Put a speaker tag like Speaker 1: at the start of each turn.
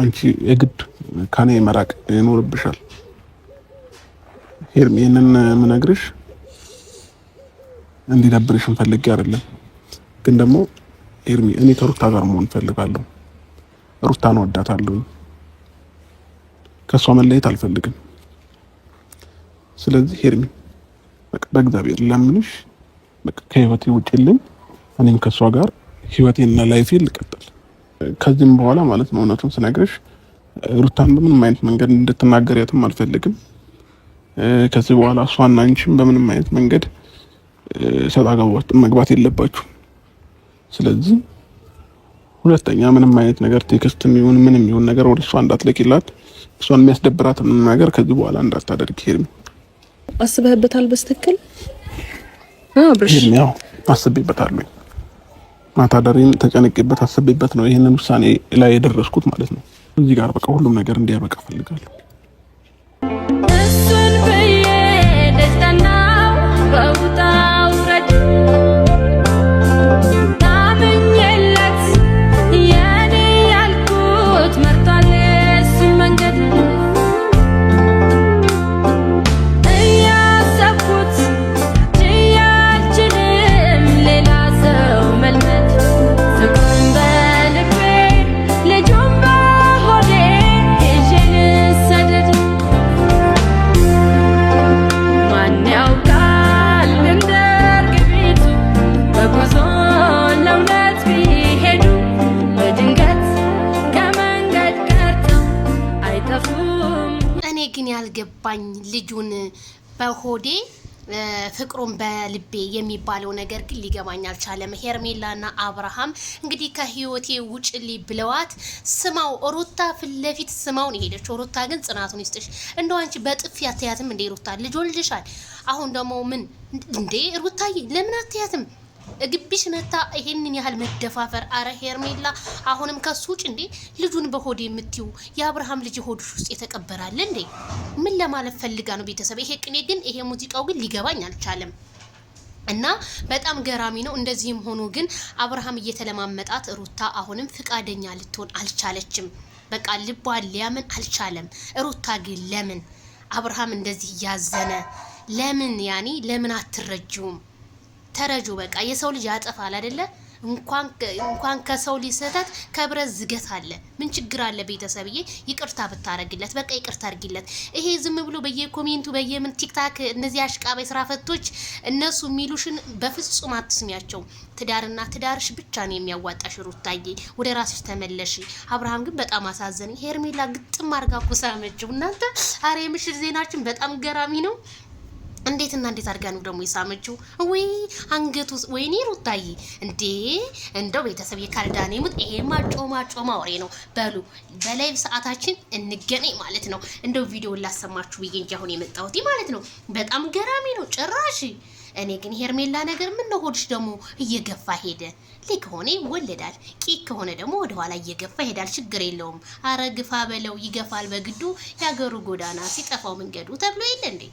Speaker 1: አንቺ የግድ ከኔ መራቅ ይኖርብሻል። ሄርም ይህንን ምነግርሽ እንዲደብርሽን ፈልጌ አይደለም፣ ግን ደግሞ ሄርሚ እኔ ከሩታ ጋር መሆን እፈልጋለሁ። ሩታን ወዳታለሁ፣ ከእሷ መለየት አልፈልግም። ስለዚህ ሄርሚ በእግዚአብሔር ለምንሽ ከህይወቴ ውጭልኝ፣ እኔም ከእሷ ጋር ህይወቴና ላይፌን ልቀጥል። ከዚህም በኋላ ማለት ነው እውነቱን ስነግርሽ ሩታን በምንም አይነት መንገድ እንድትናገሪያትም አልፈልግም። ከዚህ በኋላ እሷና አንቺም በምንም አይነት መንገድ ሰጣ ገባ መግባት የለባችሁ። ስለዚህ ሁለተኛ ምንም አይነት ነገር ቴክስት የሚሆን ምንም ይሁን ነገር ወደ እሷ እንዳትልኪላት፣ እሷን ምንም ነገር ከዚህ በኋላ እንዳታደርግ። ሄድም
Speaker 2: አስበህበታል በስተክል
Speaker 1: ያው አስቤበታለሁ። ማታደሬን ተጨነቅበት አስቤበት ነው ይህንን ውሳኔ ላይ የደረስኩት ማለት ነው። እዚህ ጋር በቃ ሁሉም ነገር እንዲያበቃ ፈልጋለሁ።
Speaker 3: እኔ ግን ያልገባኝ ልጁን በሆዴ ፍቅሩን በልቤ የሚባለው ነገር ግን ሊገባኝ አልቻለም። ሄርሜላና አብርሃም እንግዲህ ከህይወቴ ውጭሊ ብለዋት ስማው ሩታ ፊት ለፊት ስማውን ሄደች። ሩታ ግን ጽናቱን ይስጥሽ። እንደው አንቺ በጥፊ አትያትም እንዴ ሩታ? ልጅ ወልድሻል። አሁን ደግሞ ምን እንዴ ሩታዬ ለምን አትያትም? ግቢሽ መታ ይሄንን ያህል መደፋፈር። አረ ሄርሜላ አሁንም ከሱ ውጭ እንዴ ልጁን በሆድ የምትዩ የአብርሃም ልጅ ሆድሽ ውስጥ የተቀበራል እንዴ? ምን ለማለት ፈልጋ ነው? ቤተሰብ ይሄ ቅኔ ግን ይሄ ሙዚቃው ግን ሊገባኝ አልቻለም። እና በጣም ገራሚ ነው። እንደዚህም ሆኖ ግን አብርሃም እየተለማመጣት ሩታ አሁንም ፍቃደኛ ልትሆን አልቻለችም። በቃ ልቧ ሊያምን አልቻለም። ሩታ ግን ለምን አብርሃም እንደዚህ እያዘነ ለምን ያኔ ለምን አትረጅውም? ተረጁ በቃ የሰው ልጅ ያጠፋል አይደለ? እንኳን እንኳን ከሰው ልጅ ስህተት ከብረት ዝገት አለ። ምን ችግር አለ? ቤተሰብዬ ይቅርታ ብታረግለት በቃ ይቅርታ አርግለት። ይሄ ዝም ብሎ በየኮሜንቱ በየምን ቲክታክ እነዚህ አሽቃባይ ስራ ፈቶች እነሱ የሚሉሽን በፍጹም አትስሚያቸው። ትዳርና ትዳርሽ ብቻ ነው የሚያዋጣሽ። ሩታዬ ወደ ራስሽ ተመለሽ። አብርሃም ግን በጣም አሳዘነኝ። ሄርሜላ ግጥም አርጋ ኩሳመችው። እናንተ አሬ የምሽት ዜናችን በጣም ገራሚ ነው። እንዴት እና እንዴት አድርጋ ነው ደግሞ የሳመችው? ወይ አንገቱ ወይኔ ሩታዬ እንዴ! እንደው ቤተሰብ የካልዳኔ ሙት ይሄ ማጮ ማጮ ማውሬ ነው። በሉ በላይቭ ሰዓታችን እንገናኝ ማለት ነው። እንደው ቪዲዮ ላሰማችሁ ብዬ እንጂ አሁን የመጣሁት ማለት ነው። በጣም ገራሚ ነው ጭራሽ። እኔ ግን ሄርሜላ ነገር ምን ነው ሆድሽ ደግሞ እየገፋ ሄደ። ልክ ከሆነ ይወለዳል፣ ቂቅ ከሆነ ደግሞ ወደኋላ እየገፋ ይሄዳል። ችግር የለውም። አረ ግፋ በለው ይገፋል በግዱ። ያገሩ ጎዳና ሲጠፋው መንገዱ ተብሎ የለ እንዴ?